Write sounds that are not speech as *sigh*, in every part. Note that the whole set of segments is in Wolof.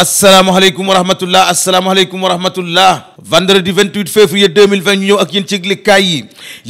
asalaamaaleykum wa rahmatullah asalaamaaleykum wa rahmatullah vendredi 28 février 2020 ñu ñëw ak yéen ci yëglikaay yi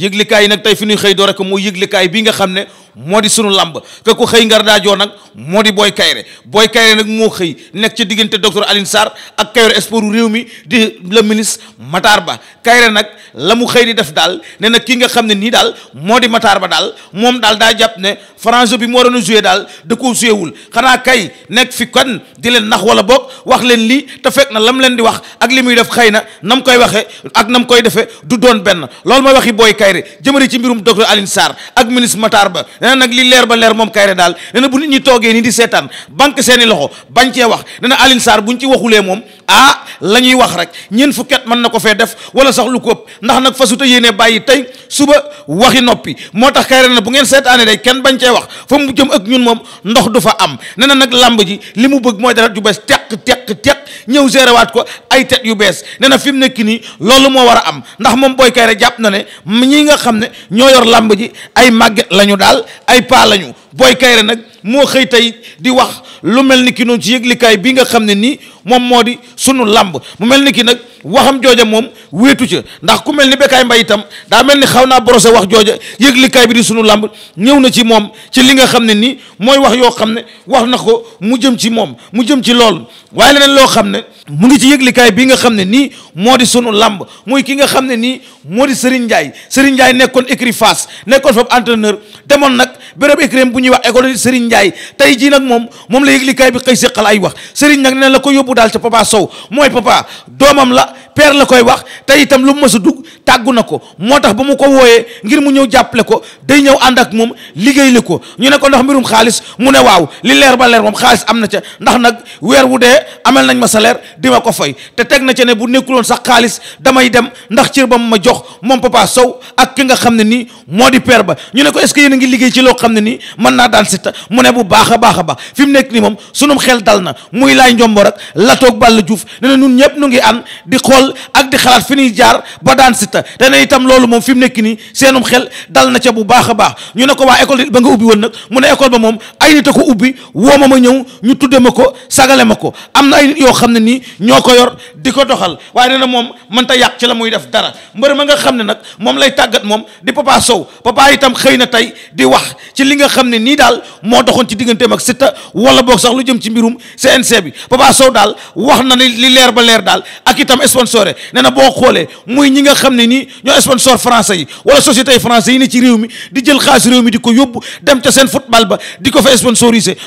yëglikaay yi nag tey fi ñuy xëy doo rek mooy yëglikaay bi nga xam ne moo di sunu làmb ke ku xëy ngar daajoo nag moo di booy Kayre Boy Kayre nag moo xëy nekk ci diggante docteur Alioune Sarr ak Kayre sport réew mi di le ministre Matar Ba Kayre nag la mu xëy di def daal ne na kii nga xam ne nii daal moo di Matar Ba daal moom daal daa jàpp ne frange bi mu waroon a daal da koo joué wul xanaa kay nekk fi kan di leen nax wala boog wax leen lii te fekk na la mu leen di wax ak li muy def xëy na nam koy waxee ak nam koy defee du doon benn loolu mooy waxi Boy Kayre jëmale ci mbirum docteur Alioune ak ministre Matar nee nag li leer ba leer moom Kairé daal nee na bu nit ñi toogee nii di seetaan banque seeni loxo bañ cee wax nee na Alioune Sarr buñ ci waxulee moom ah la ñuy wax rek ñeent fukki at mën na ko fee def wala sax lu ko ëpp ndax nag fasuta yéene bàyyi tey suba waxi noppi moo tax Kairé na bu ngeen seetaanee day kenn bañ cee wax fa mu jëm ak ñun moom ndox du fa am nee na nag làmb ji li mu bëgg mooy dara ju bees teq teq teq ñëw géréwaat ko ay tet yu bees nee na fi mu nekk nii loolu moo war a am ndax moom Boy Kairé jàpp na ne ñi nga xam ne ñoo yor làmb ji ay màgget la ñu daal ay paa lañu Boy Kayre nag moo xëy tey di wax lu mel ni ki noonu ci yëglikaay bii nga xam ne nii moom moo di sunu làmb mu mel ni kii nag waxam jooja moom wéetu ca ndax ku mel ni bekkaay mbay itam daa mel ni xaw naa brosé wax jooja yëglikaay bi di sunu lamb ñëw na ci moom ci li nga xam ne nii mooy wax yoo xam ne wax na ko mu jëm ci moom mu jëm ci loolu waaye leneen loo xam ne mu ngi ci yëglikaay bi nga xam ne nii moo di sunu làmb muy ki nga xam ne nii moo di Serigne Ndiaye Serigne Ndiaye nekkoon écurie Fass nekkoon fab entraîneur demoon nag béréb écurie bu ñuy wax école Serigne Ndiaye tey jii nag moom moom la yëglikaay bi xëy seqal ay wax Serigne nag nee la ko yóbbu yóbbu daal ca papa Sow mooy papa doomam la père la koy wax tey itam lu mu mës a dugg tàggu na ko moo tax ba mu ko wooyee ngir mu ñëw jàppale ko day ñëw ànd ak moom liggéey li ko ñu ne ko ndax mbirum xaalis mu ne waaw li leer ba leer moom xaalis am na ca ndax nag weer wu dee amel nañ ma salaire di ma ko fay te teg na ca ne bu nekkuloon sax xaalis damay dem ndax cër ba mu ma jox moom papa Sow ak ki nga xam ne nii moo di père ba ñu ne ko est ce ngi liggéey ci loo xam ne nii mën naa daan Siteu mu ne bu baax a baax a baax fi mu nekk nii moom sunum xel dal na muy laay njombo rek latoog Balla Diouf ne na ñun ñëpp nu ngi am di xool ak di xalaat fi ñuy jaar ba daan Siteu te ne itam loolu moom fi mu nekk nii seenum xel dal na ca bu baax a baax ñu ne ko waa école ba nga ubbi woon nag mu ne école ba moom ay nit a ko ubbi woo ma ma ñëw ñu tudde ma ko sagale ma ko am na ay nit yoo xam ne nii ñoo ko yor di ko doxal waaye nee na moom mënta yàq ci la muy def dara mbër ma nga xam ne nag moom lay tàggat moom di Papa Sow Papa itam xëy na tey di wax ci li nga xam ne nii daal moo doxoon ci digganteem ak Siteu wala boog sax lu jëm ci mbirum CNG bi Papa Sow daal daal wax na li leer ba leer daal ak itam sponsoré nee na boo xoolee muy ñi nga xam ne nii ñoo sponsor français yi wala société français yi ne ci réew mi di jël xaalis réew mi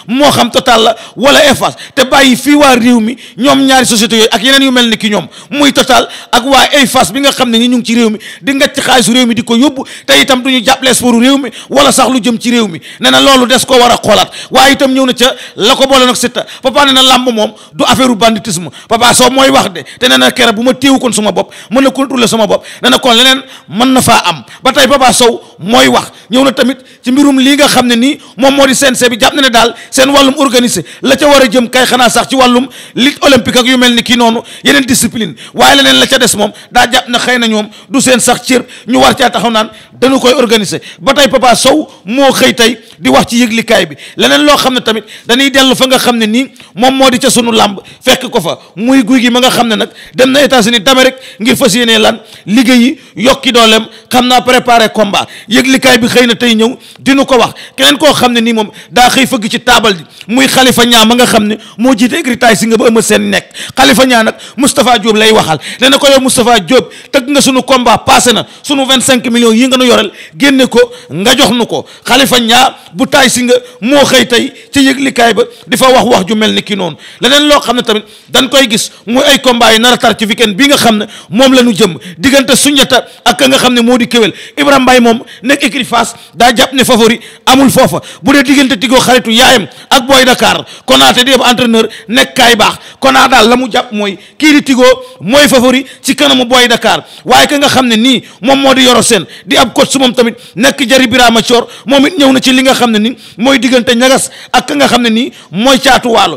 moo xam total la wala Eiffage te bàyyi fii ñoom ñaari société yooyu ak yeneen yu mel ni ki ñoom muy total ak waa Eiffage bi nga xam ni ñu ngi ci réew mi di ngacc xaalisu réew mi di ko yóbbu te itam du ñu jàppale sportu réew mi wala sax jëm ci réew mi nee loolu des ko war a xoolaat waaye itam ñëw na ca la ko boole nag affaire banditisme papa soo mooy wax de te nee na kere bu ma téewu kon sama bopp mën na contrôler sama bopp nee na kon leneen mën na faa am ba tey papa sow mooy wax ñëw na tamit ci mbirum lii nga xam ne nii moom moo di CNG bi jàpp na ne daal seen wàllum organisé la ca war a jëm kay xanaa sax ci wàllum lutte olympique ak yu mel ni kii noonu yeneen discipline waaye leneen la ca des moom daa jàpp na na ñoom du seen sax cër ñu war caa taxaw naan dañu koy organiser ba tey papa sow moo xëy tey di wax ci yëglikaay bi leneen loo xam ne tamit dañuy dellu fa nga xam ne nii moom moo di ca sunu làmb fekk ko fa muy guy gi ma nga xam ne nag dem na États-Unis d'Amérique ngir fas yéenee lan liggéeyi yokki dooleem xam naa préparé combat yëglikaay bi xëy na tey ñëw dinu ko wax keneen koo xam ne nii moom daa xëy fëgg ci taabal ji muy xalifa ñaa ma nga xam ne moo jiite écritage si nga ba ëma seen nekk xalifa ñaa nag Moustapha Diop lay waxal dana ko yow Moustapha Diop tëgg nga sunu combat passé na sunu vingt cinq millions yi nga nu yoreel génne ko nga jox nu ko xalifa ñaa bu taay si nga moo xëy tey ci yëglikaay ba di fa wax mel ni ki tamit koy gis muy ay combat yi a tar ci weekend bi nga xam ne moom la jëm diggante suñjata ak ka nga xam ne moo di kéwél Ibrahima Mbaye moom nekk écurie Fass daa jàpp ne favori amul foofa bu dee diggante tigoo xaritu yaayam ak booy Dakar konaate di ab entraîneur nekk kaay baax konaa daal la mu jàpp mooy kii di tigoo mooy favori ci kanamu booy Dakar waaye ka nga xam ne nii moom moo di yoro seen di ab coach su moom tamit nekk jari Birama Thior moom it ñëw na ci li nga xam ne ni mooy diggante ñagas ak nga xam ne nii mooy caatu waalo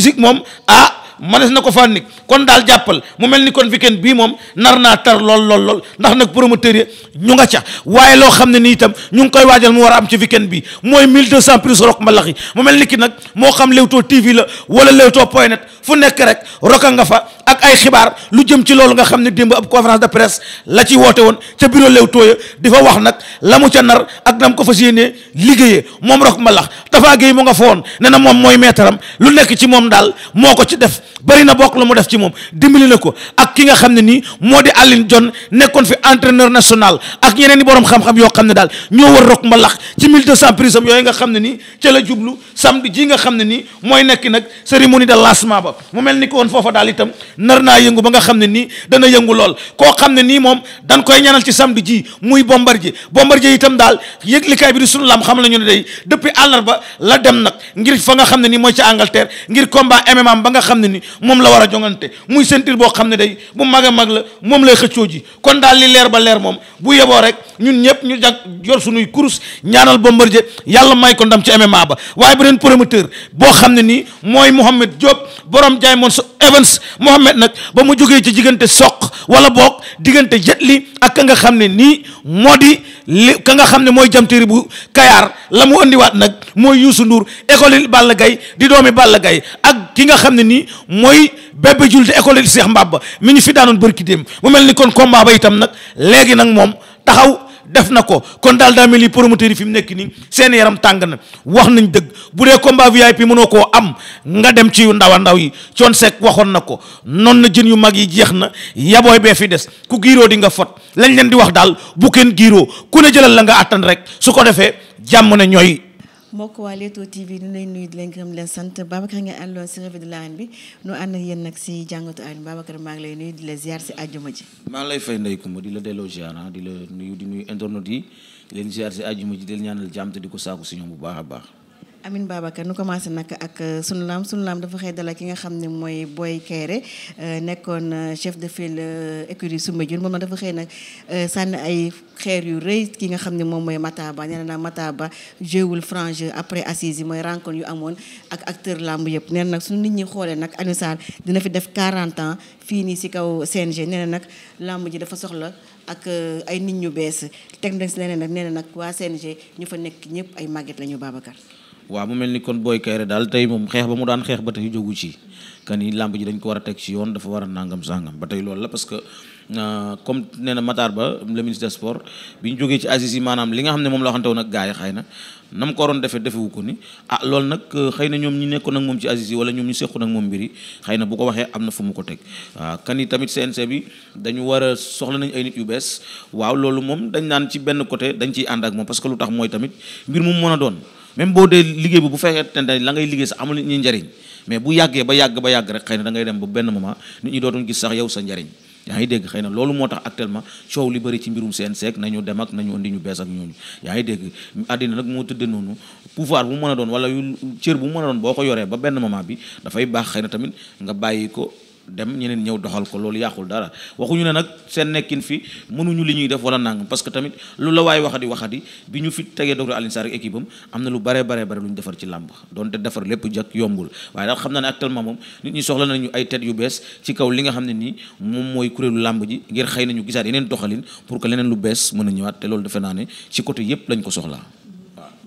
physique moom ah manes na ko fànnik kon daal jàppal mu mel ni kon weekend bii moom nar na tar lool lool lool ndax nag promoteur yi ñu nga ca waaye loo xam ne nii itam ñu ngi koy waajal mu war a am ci weekend bi mooy 1200 plus rock mbalax yi mu mel ni ki nag moo xam Leewtoo TV la wala Leewtoo point net fu nekk rek roka fa ak ay xibaar lu jëm ci loolu nga xam ne démb ab conférence de presse la ci woote woon ca bureau Leewtoo ya di fa wax nag la mu ca nar ak nam ko fa yéenee liggéeyee moom rok ma lax dafaa géey mu nga foon ne na moom mooy meetaram lu nekk ci moom daal moo ko ci def bari na bokk la mu def ci moom dimbali na ko ak ki nga xam ne nii moo di Alioune jon nekkoon fi entraîneur national ak yeneen i borom xam-xam yoo xam ne daal ñoo war rok ma lax ci 1200 prise am yooyu nga xam ne nii ca la jublu samedi ji nga xam ne nii mooy nekk nag cérémonie de lancement ba mu mel ni ko woon foofa daal itam nar naa yëngu ba nga xam ne nii dana yëngu lool koo xam ne nii moom dan koy ñaanal ci samedi ji muy bombar ji bombar Bombardier itam daal yëglikaay bi di sunu lam xam la ñu ne day depuis àllarba la dem nag ngir fa nga xam ne nii mooy ci Angleterre ngir combat MMA ba nga xam ne ni moom la war a jongante muy ceinture boo xam ne day bu mag a mag la moom lay xëccoo ji kon daal li leer ba leer moom bu yeboo rek ñun ñëpp ñu jag yor sunuy kurus ñaanal Bombardier yàlla may ko ndam ci MMA ba waaye beneen promoteur boo xam ne nii mooy Mouhamed Diop borom Mohamed nag ba mu jógee ci diggante soq wala boog diggante jetli ak ka nga xam ne nii moo di li ka nga xam ne mooy jamtéeri bu kayaar la mu indiwaat nag mooy Youssou Ndour école Balla gay di doomi Balla gay ak ki nga xam ne nii mooy bébé julde école Cheikh ba mi ñu fi daanoon bërki déem mu mel ni kon combat ba itam nag léegi nag moom taxaw def na ko kon daal daa mel ni promoteur yi fi mu nekk nii seen yaram tàng na wax nañ dëgg bu dee combat VIP mënoo koo am nga dem ci yu ndaw a ndaw yi coon sekk waxoon na ko noon na jën yu mag yi jeex na yabooy bee fi des ku giiroo di nga fot lañ leen di wax daal bu kenn giiroo ku ne jëlal la nga àttan rek su ko defee jàmm ne ñooy mbokk waa Leewtoo TV ñu lay nuyu di leen gërëm leen sant Babacar nga àndoon si revue de l'arène bi nu ànd ak yéen nag si jàngatu arène Babacar maa ngi lay nuyu di la ziar si àjjuma ji. maa ngi lay fay Ndeye Coumba di la delloo ziar di la nuyu di nuyu internet yi di leen ziar si àjjuma ji di leen ñaanal jàmm di ko saaku si ñoom bu baax a baax. Amin Babacar nu commencé nag ak euh, sunu laam sunu laam dafa xëy dala ki nga xam ne mooy Boy Kairé euh, nekkoon euh, chef de file écurie Soumbédioune moom dafa xëy nag sànni ay xeer yu rëy ki nga xam ne moom mooy Mataba nee na Mataba jéewul frange après assises yi mooy rencontre yu amoon ak acteur làmb yëpp nee na nag suñu nit ñi xoolee nag Alioune dina fi def 40 ans fii nii si kaw CNG nee na nag làmb ji dafa soxla ak ay nit ñu bees teg nañ si leneen nag nag waa CNG ñu fa nekk ñëpp ay màgget la ñu Babacar waaw mu mel ni kon Boy Kaïré daal tey moom xeex ba mu daan xeex ba tey jógu ci kan yi làmb ji dañ ko war a teg ci yoon dafa war a nàngam sangam ba tey lool la parce que euh, comme nee na Matar Ba le ministre bi ñu jógee ci Aziz maanaam li nga xam ne moom la waxante woon ak gars yi na na ko waroon defee defewu ko ni ah loolu nag euh, xëy na ñoom ñi nekkoon ak moom ci Aziz wala ñoom ñu seqoon ak moom mbiri xëy na bu ko waxee am na fu mu ko teg waaw kan yi tamit CNC bi dañu war a soxla nañ ay yu bees waaw loolu moom dañ naan ci benn côté dañ ciy ànd ak moom parce que lu tax mooy tamit mbir mu mën a doon même boo dee liggéey bi bu fekkee te la ngay liggéey sax amul nit ñi njariñ mais bu yàggee ba yàgg ba yàgg rek xëy na da ngay dem ba benn moment nit ñi dootuñ gis sax yow sa njariñ yaa ngi dégg xëy na loolu moo tax actuellement coow li bëri ci mbirum CNG nañu dem ak nañu indi ñu bees ak ñooñu yaa ngi dégg àddina nag moo tëddee noonu pouvoir bu mu mën a doon wala yu cër bu mu mën doon boo ko yoree ba benn moment bi dafay baax xëy na tamit nga bàyyi ko dem ñeneen ñëw doxal ko loolu yàqul dara waxuñu ne nag seen nekkin fi mënuñu li ñuy def wala nangam parce que tamit lu la waay waxati waxati bi ñu fi tegee docteur Alioune Sarr ak équipe am na lu bare bare bare lu ñu defar ci làmb doonte defar lépp jëkk yombul waaye daal xam naa ne actuellement moom nit ñi soxla nañu ay tête yu bees ci kaw li nga xam ne nii moom mooy kuréelu làmb ji ngir xëy nañu gisaat yeneen doxalin pour que leneen lu bees mën a ñëwaat defe naa ne ci côté yépp ko soxlaa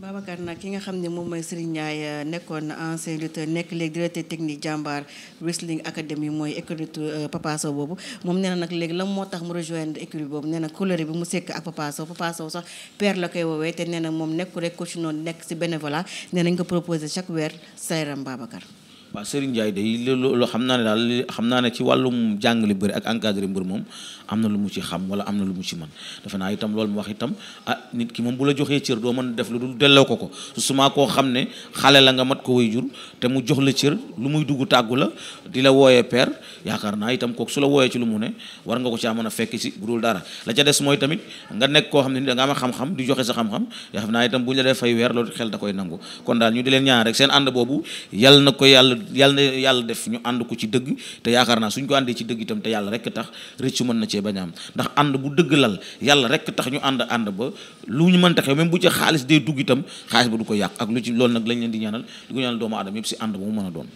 Babacar nag ki nga xam ne moom mooy Serigne euh, nekkoon na ancien lutteur nekk léegi directeur technique jàmbaar wrestling academy mooy écurie euh, Papa Sow boobu moom nee nag léegi la moo tax mu rejoindre écurie boobu nee na coloré bi mu sekk ak Papa Sow Papa Sow sax père la koy woowee te nee na moom nekku rek coach noonu nekk si bénévolat nee nañ ko proposé chaque weer sayram Babacar waaw Serigne Ndiaye day loolu xam naa ne daal xam naa ne ci wàllum jàngale bëri ak encadré mbër moom am na lu mu ci xam wala am na lu mu ci mën defe naa itam loolu mu wax itam ah nit ki moom bu la joxee cër doo mën def lu dul delloo ko ko su suma koo xam ne xale la nga mat ko way jur te mu jox la cër lu muy dugg tàggu la di la wooyee père yaakaar naa itam kooku su la wooyee ci lu mu ne war nga ko ca mën a fekk si bu dul dara la ca des mooy tamit nga nekk koo xam ne ni da nga am xam-xam di joxe sa xam-xam yaa xam naa itam bu ñu la dee fay weer loolu xel da koy nangu kon daal ñu di leen ñaan rek seen ànd boobu yàlla na ko yàlla yàlla na yàlla def ñu ànd ko ci dëgg te yaakaar naa suñ ko àndee ci dëgg itam te yàlla rek tax rëccu mën na cee bañ am ndax ànd bu dëgg lal yàlla rek tax ñu ànd ànd ba lu ñu man taxee même bu ci xaalis dee dugg itam xaalis ba du ko yàq ak lu ci loolu nag lañ leen di ñaanal di ko ñaanal doomu aadama yëpp si ànd ba mu mën a doon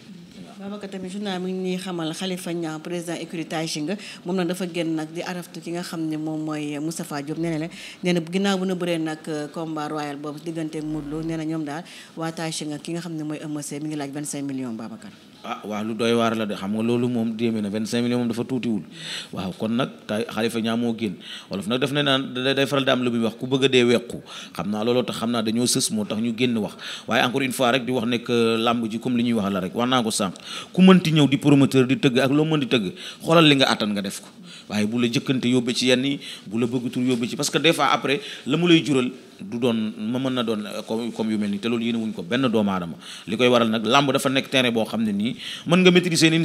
Babacar tamit journal mi ngi xamal Khalifa Niang président écurie Taïchinga moom nag dafa génn nag di araftu ki nga xam ne moom mooy Moustapha Diop nee na la nee na ginnaaw bu ñu bëree nag euh, combat royal boobu diggante ak Modou Lo nee na ñoom daal waa Taïchinga ki nga xam ne mooy Eumeu Sène mi ngi laaj 25 millions Babacar ah waaw lu doy waar la de xam nga loolu moom déeme na vingt cinq millions moom dafa tuutiwul waaw kon nag tay xalifa ñaa moo génn wolof nag daf ne naan day faral daam wax ku bëgg a dee wequ xam naa looloo tax xam naa dañoo sës moo tax ñu génn wax waaye encore une fois rek wax nekk làmb ji li ñuy wax la rek wax naa ko sànq ku mënti ñëw di promoteur di tëgg ak loo mën di tëgg xoolal li nga attan nga def ko waaye bu la jëkkante yóbbe ci yenn yi bu la bëgg tur yóbbe ci parce que des fois après la mu lay jural du doon ma mën na doon eh, comme yu mel nii te loolu yéene wuñ ko benn doomu aadama li koy waral nag làmb dafa nekk terrain boo xam ne nii mën nga maîtriser nin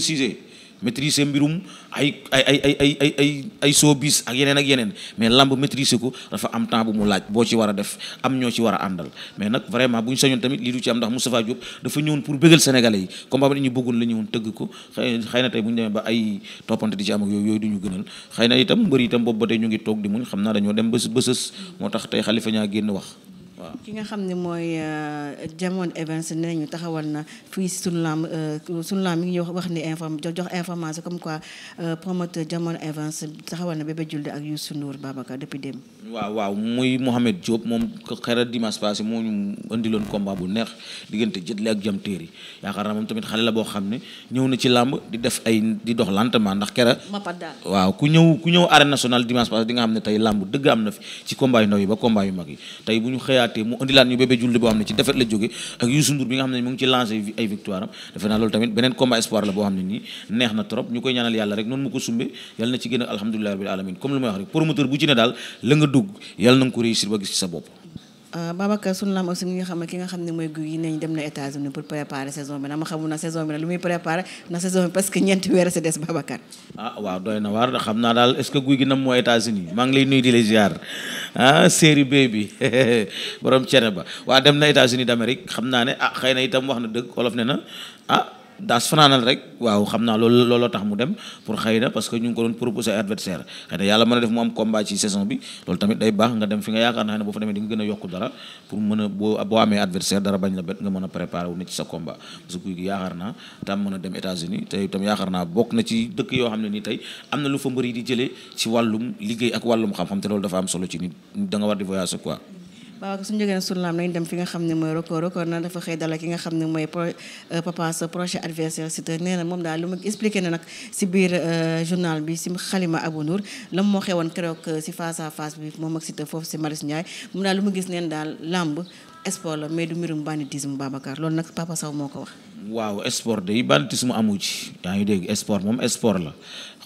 maîtriser mbirum ay ay ay ay ay ay ay showbiz ak yeneen ak yeneen mais lamb maîtriser ko dafa am temps bu mu laaj boo ci war a def am ñoo ci war a àndal mais nag vraiment bu ñu sañoon tamit lii du ci am ndax Moustapha Diop dafa ñëwoon pour bëggal sénégalais yi combat bi ñu bëggoon la ñëwoon tëgg ko xëy xëy na tey bu ñu demee ba ay toppante di ci am ak yooyu yooyu du ñu gënal xëy na itam mbër itam boobu ba tey ñu ngi toog di muñ xam naa dañoo dem bës bësës moo tax tey xalifa ñaa génn wax ki nga xam ne mooy euh, Jamon Evans nee nañu taxawal na fii si sunu lamb euh, sunu lamb mi ngi ñëw wax ni inform jox information comme quoi euh, promoteur Jamon Evans taxawal na Bébé Diouldé ak Youssou Ndour Babacar depuis démb. waaw waaw muy Mohamed Diop moom xëy dimanche passé moo ñu indiloon combat bu neex diggante Jëtle ak Jam Téeri yaakaar naa moom tamit xale la boo xam ne ñëw na ci làmb di def ay di dox lentement ndax kera waaw ku ñëw ku ñëw arène nationale dimanche passé di nga xam ne tey làmb dëgg am na fi ci combat yu ndaw yi ba combat mag yi tey bu ñu xëyaat te mu indilaat ñu bébé julde boo xam ne ci defet la jóge ak Youssou Ndour bi nga xam ne mu ngi ci lancé ay victoire am defe naa loolu tamit beneen combat espoir la boo xam ne nii neex na trop ñu koy ñaanal yàlla rek noonu mu ko sumbe yàlla na ci génn alhamdulillahi rabbil alamin comme lu may wax promoteur bu ci daal la nga dugg yàlla na nga ko réussir ba gis ci sa bopp Euh, Babacar sunu lam aussi mi nga xam ne ki nga xam ne mooy guy yi neñ dem na États-Unis pour préparer saison bi na ma xamul na saison bi na lu muy préparer na saison bi parce que ñeenti weer si des Babacar ah waaw doy na waar xam naa daal est-ce que guy gi nam moo États-Unis maa ngi lay nuyu di la ah série B bi *laughs* borom cene ba waa dem na États-Unis d'Amérique xam naa ne ah xëy na itam wax na dëgg wolof ne na ah daas fanaanal rek waaw xam naa loolu looloo tax mu dem pour xëy na parce que ñu ngi ko doon proposé ay adversaire xëy na yàlla mën a def mu am combat ci saison bi loolu tamit day baax nga dem fi nga yaakaar na xëy na boo fa demee di nga a yokku dara pour a a sa combat parce que Gouye Gui yaakaar naa tam mën a dem États-Unis te itam yaakaar naa bokk na ci dëkk yoo xam ne nii tey am na lu fa mbër yi di jëlee ci wàllum liggéey ak wàllum xam-xam te loolu dafa am solo ci nit da nga war di voyager quoi waaw suñu jógee suñu laam nañ dem fi nga xam ne mooy record record na dafa xëy dala ki nga xam ne mooy euh, papa sa projet adversaire Siteu nee na moom daal lu ma expliqué na nag si biir euh, journal bi si xalima Abou Nour la moo xewoon keroog euh, si face à face bi moom ak Siteu foofu si Marius Ndiaye moom daal lu ma gis neen daal làmb sport la mais du mbirum banditisme Babacar loolu nag Papa Sow moo ko wax. waaw sport day banditisme amu ci yaa ngi dégg sport moom sport la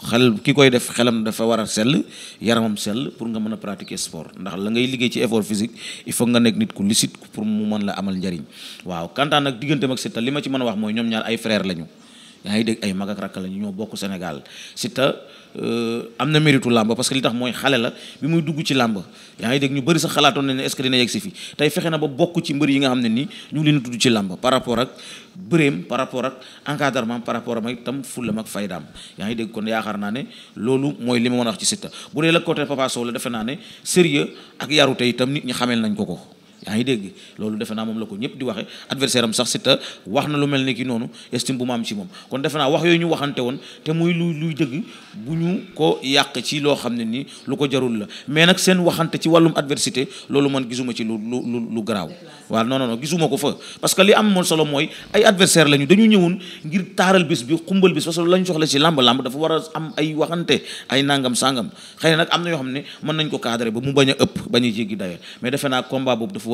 xel ki koy def xelam dafa war a sell yaramam sell pour nga mën a pratiquer sport ndax la ngay liggéey ci effort physique il faut nga nekk nit ku licite pour mu mën la amal njariñ waaw kantaan nag digganteem ak Siteu li ma ci mën a wax mooy ñoom ñaar ay frère lañu. yaa ngi dégg ay mag ak rakk la ñu ñoo bokk Sénégal Siteu am na méritu làmb parce que li tax mooy xale la bi muy dugg ci làmb yaa ngi dégg ñu bari sa xalaatoon ne ne est-ce que dina yegg fi tey fexe na ba bokk ci mbër yi nga xam ne nii ñu ngi leen tudd ci làmb par rapport ak bëreem par rapport ak encadrement par rapport ak itam fullam ak faydaam yaa ngi dégg kon yaakaar naa ne loolu mooy li ma mën a wax ci Siteu bu dee la côté Papa Sow la defe naa ne sérieux ak yarute itam nit ñi xamel nañ ko ko yaa ngi dégg loolu defe naa moom la ko ñëpp di waxe adversaire am sax Siteu wax na lu mel ni ki noonu estime bu ma am ci moom kon defe naa wax yooyu ñu waxante woon te muy lu luy dëgg bu ñu ko yàq ci loo xam ne nii lu ko jarul la mais nag seen waxante ci wàllum adversité loolu man gisuma ci lu lu lu lu garaaw waaw non gisuma ko fa parce que li am moom solo mooy ay adversaire lañu dañu ñëwoon ngir taaral bis bi xumbal bis parce que lañu soxla ci làmb làmb dafa war a am ay waxante ay nangam sangam xëy nag am na yoo xam ne mën nañ ko cadrer ba mu bañ ëpp bañ a jéggi dayoo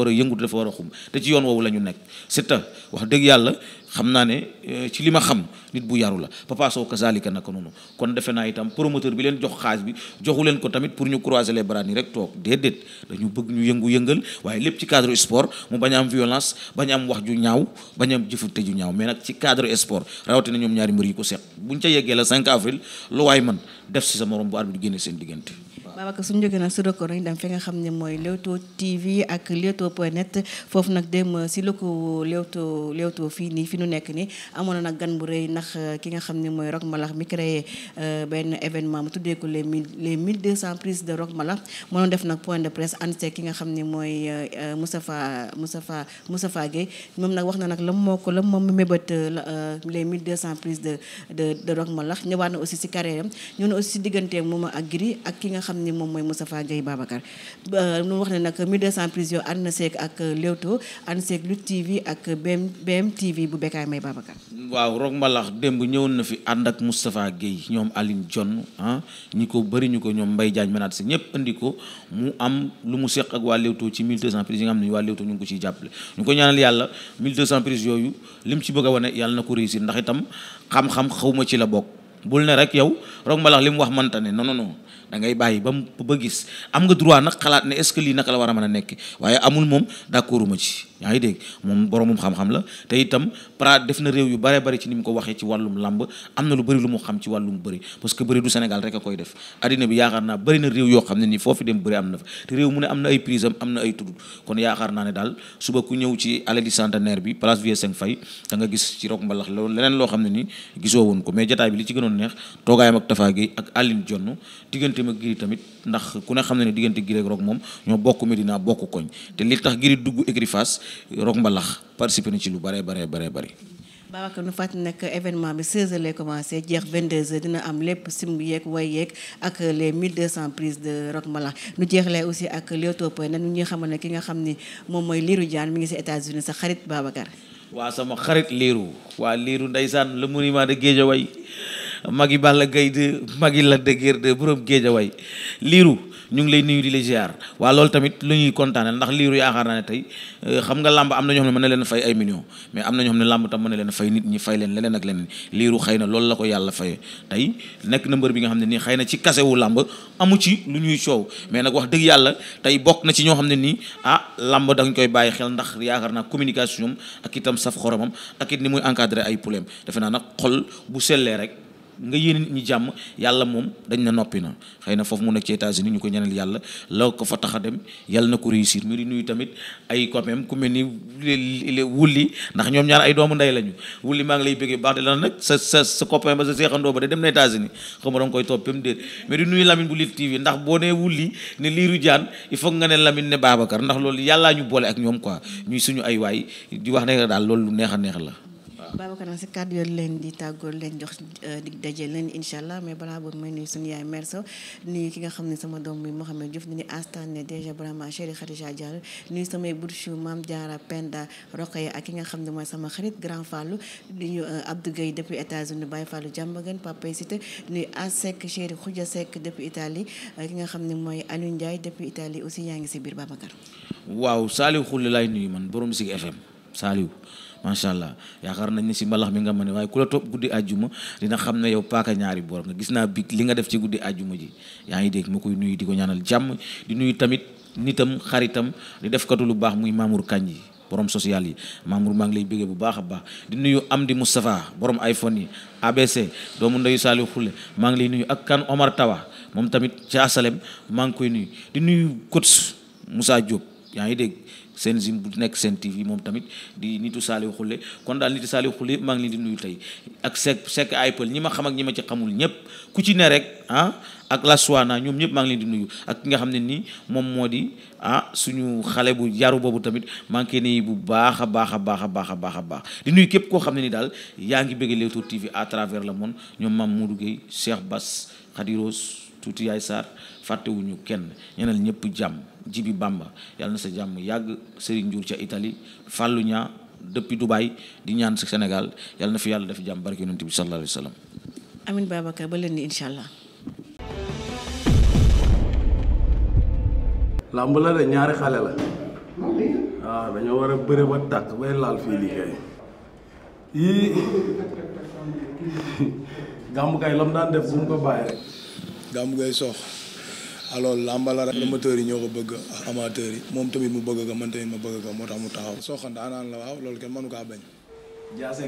war a yëngu dafa war a xum te ci yoon woowu la nekk Siteu wax dëgg yàlla xam naa ne euh, ci li ma xam nit bu yaru la Papa Sow kazalika naka noonu kon defe naa itam promoteur bi leen jox xaalis bi joxu leen ko tamit pour ñu croiser les bras nii rek toog déedéet dañu bëgg ñu yëngu-yëngal waaye lépp ci cadre sport mu bañ am violence bañ am wax ju ñaaw bañ am jëfute ju ñaaw mais nag ci cadre sport rawatina ñoom ñaari mbër yi ko seq buñ ca yeggee la 5 avril lu waay man def si sa morom bu arbitre génne seen diggante Babacar suñu nu nekk ni amoon na nag gan bu rëy ndax euh, ki nga xam ne mooy Rock Mbalakh mi créé euh, benn événement mu tuddee ko les mille les mille moo doon def nag point de euh, na la moo ko la moom mébét les mille de de de Rock Mbalakh ñëwaat na aussi si carrière ñëw na aussi si diggante moom ak Giri ak ki nga xam ne moom mooy Moustapha Guèye Babacar mu wax ne nag mille deux cent na seeg ak Leewtoo ànd seeg Lutte TV ak BM BM TV bu bekk kaay waaw Rock Mbalax démb ñëwoon na fi ànd ak Moustapha Guèye ñoom Aline John ah ñi ko bëri ñu ko ñoom mbay Diagne menaat si ñëpp andi ko mu am lu mu seq ak waa Leewtoo ci 1200 prises yi nga xam ne waa Leewtoo ñu ngi ko ciy jàppale. ñu ko ñaanal yàlla 1200 prises yooyu lim ci bëgg a wone yàlla na ko réussir ndax itam xam-xam xawma ci la bokk bul ne rek yow Rock Mbalax li mu wax mënta ne non non non. da ngay bàyyi ba mu ba gis am nga droit nag xalaat ne est-ce que lii naka la war a mën a nekk waaye amul moom d'accord ma ci yaa dégg moom boromum xam-xam la te itam pra def na réew yu bare bari ci ni mu ko waxee ci wàllum làmb am na lu bëri lu mu xam ci wàllum bëri parce que bëri du Sénégal rek a koy def addina bi yaakaar naa bëri na réew yoo xam ne nii foofu dem bëri am na fa te réew mu ne am na ay prise am am na ay tudd kon yaakaar naa ne daal suba ku ñëw ci allée du centenaire bi place Vieux Seng Fay da nga gis ci rok mbalax loolu leneen loo xam ne nii gisoo woon ko mais bi li ci gënoon neex toogaayam ak Tafa Gueye ak Aline Jonn diggante ma giri tamit ndax ku ne xam ne ne diggante giri ak rok moom ñoo bokk Medina bokk koñ te li tax giri dugg écurie rock mbalax participer na ci lu bare bare bare bëri Babacar nu fàttali nag événement bi 16h lay commencé jeex 22h dina am lépp simb yeeg way yeeg ak les cent prises de rock mbalax nu jeexlee aussi ak Leewtoo point nag ñuy xamal ne ki nga xam ni moom mooy liiru jaan mi ngi si États-Unis sa xarit Babacar. waa sama xarit Lirou waa liiru ndeysaan le monument de Guédiawaye magi Balla Gaye de magi Lac de Guiers de borom way Lirou ñu ngi lay nuyu di lay ziar waa loolu tamit lu ñuy kontaanal ndax liiru yaakaar naa ne tey euh, xam nga làmb am na ñoo xam ne mën na leen fay ay millions mais am na ñoo xam làmb tam mën na leen fay nit ñi fay leen leneen ak leneen liiru xëy na loolu la ko yàlla fay tey nekk na mbër bi nga xam ne nii xëy na ci kasewu làmb amu ci lu ñuy coow mais nag wax dëgg yàlla tey bokk na ci ñoo xam ne nii ah làmb dañ koy bàyyi xel ndax yaakaar naa communication ak itam saf xoromam ak it ni muy encadrer ay problème defe naa nag xol bu sellee rek nga yéene nit ñi jàmm yàlla moom dañ na noppi na xëy na foofu mu nekk ci États-Unis ñu ko ñaanal yàlla la ko fa tax a dem yàlla na ko réussir mu di nuyu tamit ay copains ku mel ni wulli ndax ñoom ñaar ay doomu ndey lañu wulli maa ngi lay bëggee baax de la nag sa sa sa copain ba sa seexandoo ba de dem na États-Unis xam nga da nga koy toppam déet mais di nuyu Lamine bu Lutte TV ndax boo nee wulli ne liiru jaan i faut nga ne Lamine ne Babacar ndax loolu yàllaa ñu boole ak ñoom quoi ñuy suñu ay waay di wax ne daal loolu lu neex a neex la Babacar nag si kàddu leen di tàggoo leen jox euh, dig daje leen incha allah mais balaa boobu may nuyu suñu yaay mère Sow ki nga xam ne sama doom bi Mouhamed Diouf di ni Astane déjà vraiment chéri Khadija Diallo nuyu samay bourchu maam Diarra Penda Rokhaya ak ki nga xam ne mooy sama xarit grand Fallou di nuyu euh, Abdou Gueye depuis États-Unis Baye Fallou Diambagan Papa Cité nuyu Asek chéri Khoudia Seck depuis itali euh, ki nga xam ne mooy Aliou Ndiaye depuis Italie aussi yaa ngi si biir Babacar. waaw Saliou Khoule laay nuyu man borom si FM Saliou. macha allah yaakaar nañ ne si malax mi nga mën waaye ku la topp guddi àjjuma dina xam ne yow paaka ñaari boor nga gis naa bi li nga def ci guddi àjjuma ji yaa ngi dégg ma koy nuyu di ko ñaanal jàmm di nuyu tamit nitam xaritam di def katu lu baax muy Mamour Kandji borom social yi Mamour maa ngi lay bëggee bu baax a baax di nuyu Amdi Moustapha borom iPhone yi ABC doomu ndeyu Saliou Khoule maa ngi lay nuyu ak kan Omar Tawa moom tamit ci asalem maa ngi koy nuyu di nuyu coach Moussa Diop yaa ngi dégg seen zim bu nekk seen TV moom tamit di nitu Saliou Khoule kon daal nitu Saliou Khoule maa ngi leen di nuyu tey ak Seck Seck Apple ñi ma xam ak ñi ma ci xamul ñëpp ku ci ne rek ah ak Laswana ñoom ñëpp maa ngi leen di nuyu ak ki nga xam ne nii moom moo di ah suñu xale bu yaru boobu tamit maa nii bu baax a baax a baax a baax a baax a baax di nuyu képp koo xam ne ni daal yaa ngi bëgg Leewtoo TV à travers le monde ñoom Mame Modou Gueye Cheikh Bass Khadiros tuuti Yaay Sarr fàttewuñu kenn ñeneen ñëpp jàmm Jibi Bamba yàlla na sa jàmm yàgg Serigne Ndiour ca Italie Fallou Nia depuis di ñaan sa senegal yàlla na fi yàlla def jàmm barke yonent bi sallallahu alayhi wa sallam amin Babacar ba làmb la de ñaari xale la. waaw ah, dañoo war a bëre ba tàkk bay laal fii liggéey. yii *laughs* gàmmu lam daan def bu mu ko bàyyi rek. gàmmu sox. alors lamba la hmm. rek amateurs yi ñoo ko bëgg ak yi moom tamit mu bëgg ko man tamit ma bëgg ko moo tax mu taxaw Sokh ndaanaan la waaw loolu kenn mënu kaa bañ jaase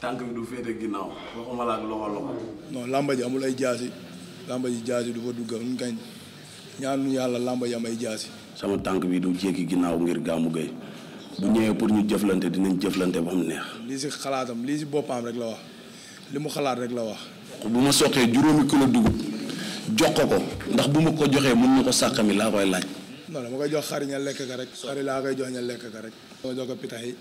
tànk bi du féete ginnaaw waxuma la ak loxo loxo non lamba ji amul ay jaasi lamba ji jaasi du fa dugga ñu ñaanu yàlla lamba ji am ay jaasi sama tànk bi du jékki ginnaaw ngir gàmmu gay bu ñëwee pour ñu jëflante dinañ jëflante ba mu neex lii si xalaatam lii si boppam rek la wax li mu xalaat rek la wax bu ma soqee juróomi kilo dugub jox ko ndax bu ma ko joxee mën na ko sàkkami laa koy laaj. non ma koy jox xar ña lekk ka rek. xari laa koy jox ña lekk ka rek. ma jox ko pitax yi.